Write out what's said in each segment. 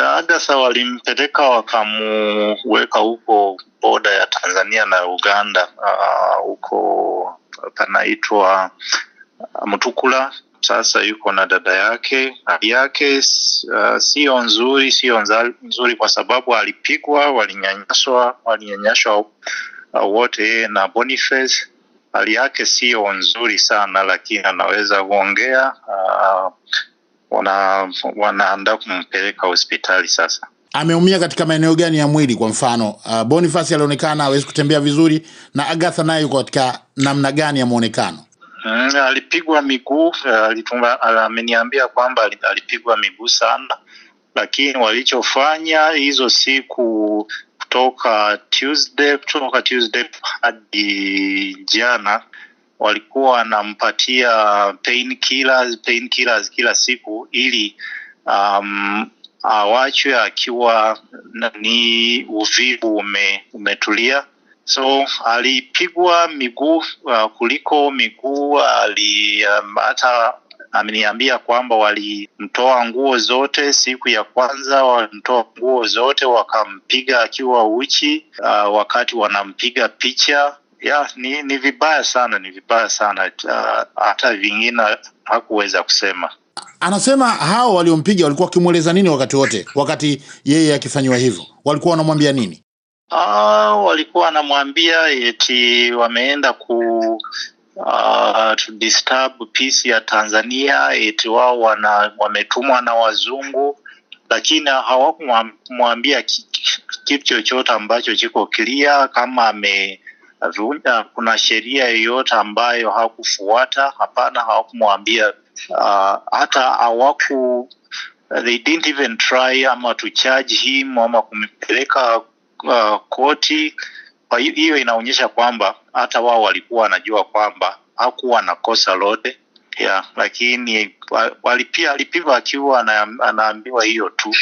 Agasa walimpeleka wakamuweka huko boda ya Tanzania na Uganda, huko uh, panaitwa Mtukula. Sasa yuko na dada yake. Hali yake uh, sio nzuri, sio nzuri kwa sababu alipigwa, walinyanyaswa, walinyanyaswa wote uh, yeye na Boniface. Hali yake sio nzuri sana, lakini anaweza kuongea uh, wana wanaandaa kumpeleka hospitali sasa. Ameumia katika maeneo gani ya mwili? Kwa mfano uh, bonifasi alionekana awezi kutembea vizuri, na Agatha naye yuko katika namna gani ya mwonekano? Mm, alipigwa miguu, uh, uh, ameniambia kwamba alipigwa miguu sana, lakini walichofanya hizo siku kutoka Tuesday kutoka Tuesday hadi jana walikuwa wanampatia pain killers, pain killers kila siku ili um, awachwe akiwa ni uvivu ume, umetulia. So alipigwa miguu uh, kuliko miguu ali um, hata ameniambia kwamba walimtoa nguo zote siku ya kwanza, walimtoa nguo zote wakampiga akiwa uchi. Uh, wakati wanampiga picha ya ni, ni vibaya sana, ni vibaya sana uh, hata vingine hakuweza kusema. Anasema hao waliompiga walikuwa wakimweleza nini wakati wote, wakati yeye akifanyiwa hivyo, walikuwa wanamwambia nini? Uh, walikuwa wanamwambia eti wameenda ku uh, to disturb peace ya Tanzania, eti wao wana wametumwa na wazungu, lakini hawakumwambia kitu chochote ambacho chiko clear kama ame Vunda, kuna sheria yoyote ambayo hawakufuata? Hapana, hawakumwambia uh, hata hawaku they didn't even try ama to charge him ama kumpeleka uh, koti. Kwa hiyo inaonyesha kwamba hata wao walikuwa wanajua kwamba hakuwa na kosa lote yeah, lakini walipia alipiva akiwa anaambiwa hiyo tu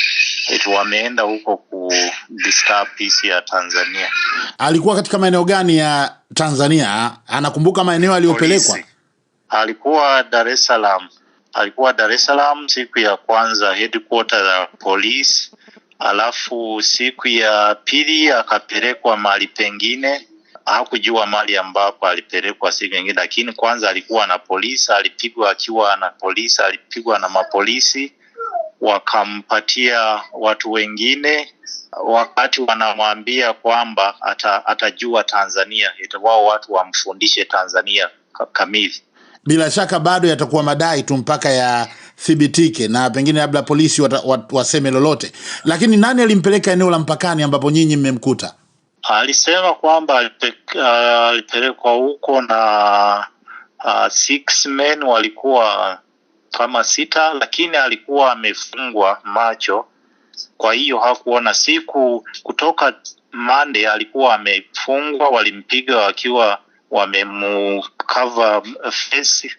eti wameenda huko ku disturb peace ya Tanzania. Alikuwa katika maeneo gani ya Tanzania? Anakumbuka maeneo aliyopelekwa? Alikuwa Dar es Salaam, alikuwa Dar es Salaam siku ya kwanza headquarter ya polisi, alafu siku ya pili akapelekwa mahali pengine hakujua mali ambapo alipelekwa siku nyingine, lakini kwanza alikuwa na polisi, alipigwa akiwa na polisi, alipigwa na mapolisi wakampatia watu wengine wakati wanamwambia kwamba ata, atajua Tanzania, wao watu wamfundishe Tanzania kamili. Bila shaka bado yatakuwa madai tu mpaka yathibitike na pengine labda polisi wat, wat, waseme lolote. Lakini nani alimpeleka eneo la mpakani ambapo nyinyi mmemkuta? Alisema kwamba uh, alipelekwa uh, huko na uh, six men walikuwa kama sita, lakini alikuwa amefungwa macho, kwa hiyo hakuona siku kutoka Monday alikuwa amefungwa, walimpiga wakiwa wamemukava face,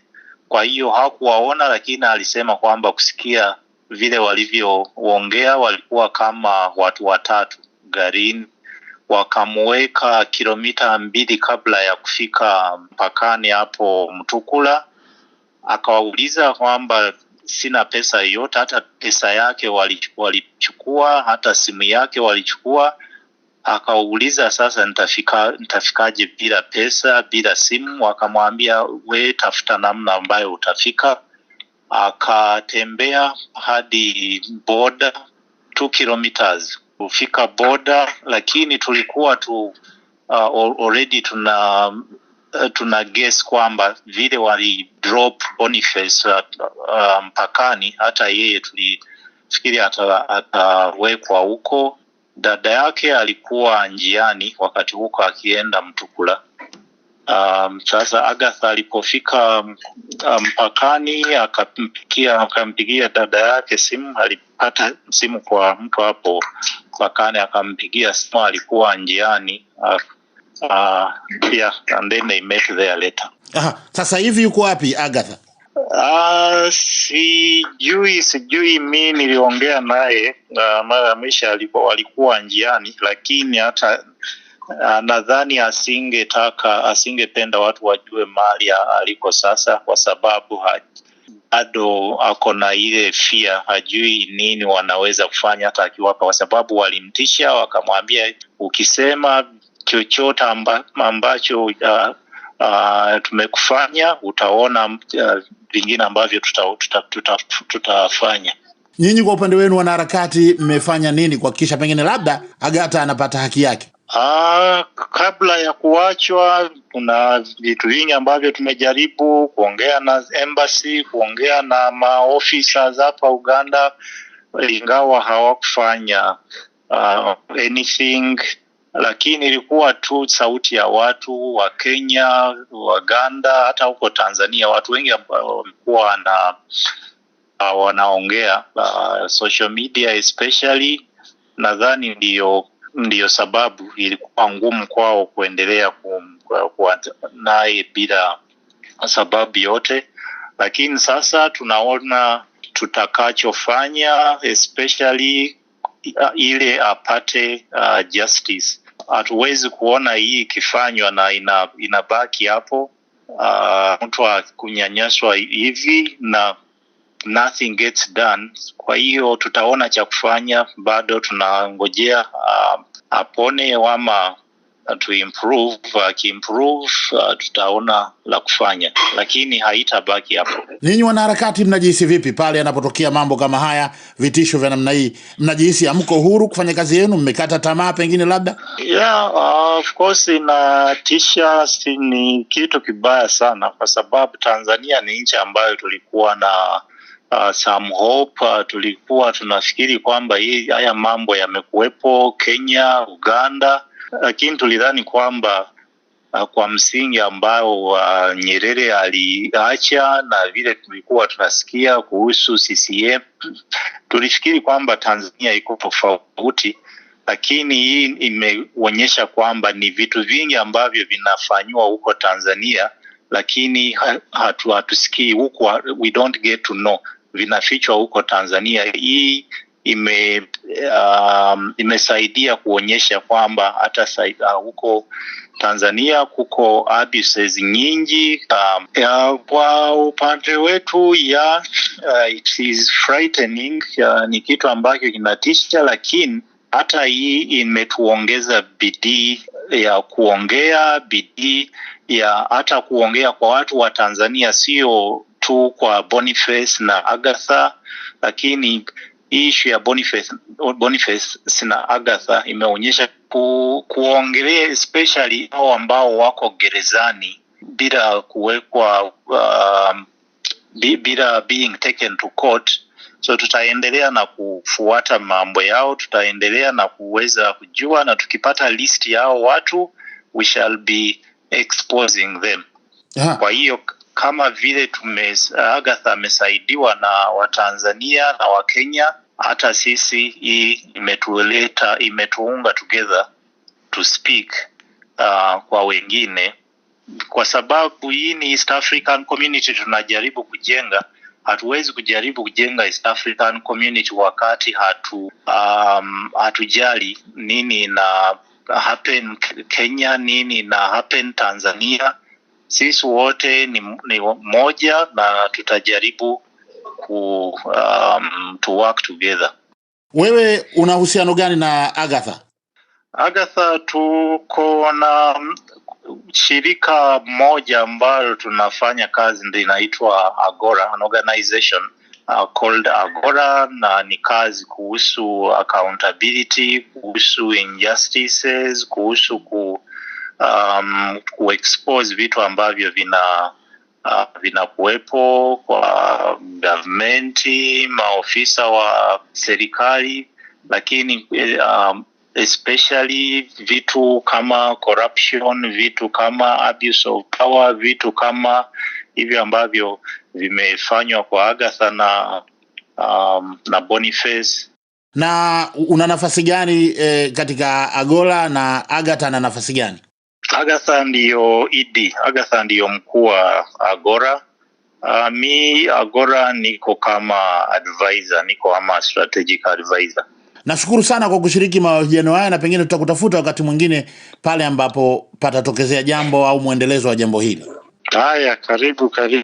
kwa hiyo hakuwaona, lakini alisema kwamba kusikia vile walivyoongea, walikuwa kama watu watatu garini, wakamuweka kilomita mbili kabla ya kufika mpakani hapo Mtukula akawauliza kwamba sina pesa yoyote, hata pesa yake walichukua, hata simu yake walichukua. Akauliza, sasa nitafika nitafikaje bila pesa, bila simu? Akamwambia, we tafuta namna ambayo utafika. Akatembea hadi boda 2 kilometers kufika boda, lakini tulikuwa tu uh, already tuna uh, tuna guess kwamba vile wali drop Boniface uh, uh, mpakani, hata yeye tulifikiri atawekwa uh, huko. Dada yake alikuwa njiani wakati huko akienda Mtukula. Um, sasa Agatha alipofika mpakani um, akampigia akampigia dada yake simu, alipata simu kwa mtu hapo mpakani, akampigia simu, alikuwa njiani Uh, yeah, and then they met there later. Aha, sasa hivi yuko wapi Agatha? Uh, sijui sijui, mi niliongea naye uh, mara ya mwisho alikuwa walikuwa njiani, lakini hata uh, nadhani asingetaka asingependa watu wajue mali aliko sasa, kwa sababu bado ako na ile fia, hajui nini wanaweza kufanya hata akiwapa, kwa sababu walimtisha wakamwambia, ukisema chochote amba, ambacho uh, uh, tumekufanya utaona uh, vingine ambavyo tutafanya tuta, tuta, tuta, tuta nyinyi kwa upande wenu wanaharakati mmefanya nini kuhakikisha pengine labda agata anapata haki yake Aa, uh, kabla ya kuachwa kuna vitu vingi ambavyo tumejaribu kuongea na embassy kuongea na maofisa hapa uganda ingawa hawakufanya uh, anything lakini ilikuwa tu sauti ya watu wa Kenya, Waganda, hata huko Tanzania watu wengi walikuwa na ah, wanaongea uh, social media especially, nadhani ndiyo ndiyo sababu ilikuwa ngumu kwao kuendelea kuwa naye bila sababu yote, lakini sasa tunaona tutakachofanya especially uh, ile apate uh, justice hatuwezi kuona hii ikifanywa na ina, inabaki hapo uh, mtu akunyanyaswa hivi na nothing gets done. Kwa hiyo tutaona cha kufanya, bado tunangojea uh, apone ama improve Akiimprove uh, ah, tutaona la kufanya, lakini haitabaki hapo. Ninyi wanaharakati mnajihisi vipi pale yanapotokea mambo kama haya, vitisho vya namna hii? Mnajihisi amko huru kufanya kazi yenu? Mmekata tamaa pengine labda? Yeah, uh, of course inatisha, si ni kitu kibaya sana, kwa sababu Tanzania ni nchi ambayo tulikuwa na Uh, some hope uh, tulikuwa tunafikiri kwamba hii haya mambo yamekuwepo Kenya, Uganda, lakini tulidhani kwamba Ah, kwa msingi ambao uh, Nyerere aliacha na vile tulikuwa tunasikia kuhusu CCM, tulifikiri kwamba Tanzania iko tofauti, lakini hii imeonyesha kwamba ni vitu vingi ambavyo vinafanywa huko Tanzania, lakini hatu hatusikii huko, we don't get to know, vinafichwa huko Tanzania. Hii ime uh, imesaidia kuonyesha kwamba hata uh, huko Tanzania kuko abuses nyingi um, ya, kwa upande wetu ya uh, it is frightening uh, ni kitu ambacho kinatisha, lakini hata hii imetuongeza bidii ya kuongea, bidii ya hata kuongea kwa watu wa Tanzania, sio tu kwa Boniface na Agatha, lakini hii ishu ya Boniface, Boniface sina Agatha imeonyesha ku, kuongelea especially hao ambao wako gerezani bila kuwekwa uh, bila being taken to court. So tutaendelea na kufuata mambo yao, tutaendelea na kuweza kujua, na tukipata list yao watu we shall be exposing them. yeah. Kwa hiyo kama vile tume Agatha amesaidiwa na Watanzania na Wakenya hata sisi hii imetuleta imetuunga together to speak uh, kwa wengine kwa sababu hii ni East African community tunajaribu kujenga hatuwezi kujaribu kujenga East African community wakati hatu um, hatujali nini na happen Kenya nini na happen Tanzania sisi wote ni, ni moja na tutajaribu ku, um, to work together. Wewe una uhusiano gani na Agatha? Agatha, tuko na shirika moja ambalo tunafanya kazi ndio inaitwa Agora, an organization uh, called Agora, na ni kazi kuhusu accountability, kuhusu injustices, kuhusu ku, um, kuexpose vitu ambavyo vina uh, vinakuwepo kwa gavmenti, maofisa wa serikali, lakini um, especially vitu kama corruption, vitu kama abuse of power, vitu kama hivyo ambavyo vimefanywa kwa Agatha na, um, na Boniface. Na una nafasi gani eh, katika Agola na Agatha ana nafasi gani? Agatha ndiyo idi, e Agatha ndiyo mkuu wa Agora. Uh, mi Agora niko kama advisor, niko kama strategic advisor. Nashukuru sana kwa kushiriki mahojiano haya na pengine tutakutafuta wakati mwingine pale ambapo patatokezea jambo au mwendelezo wa jambo hili. Haya, karibu karibu.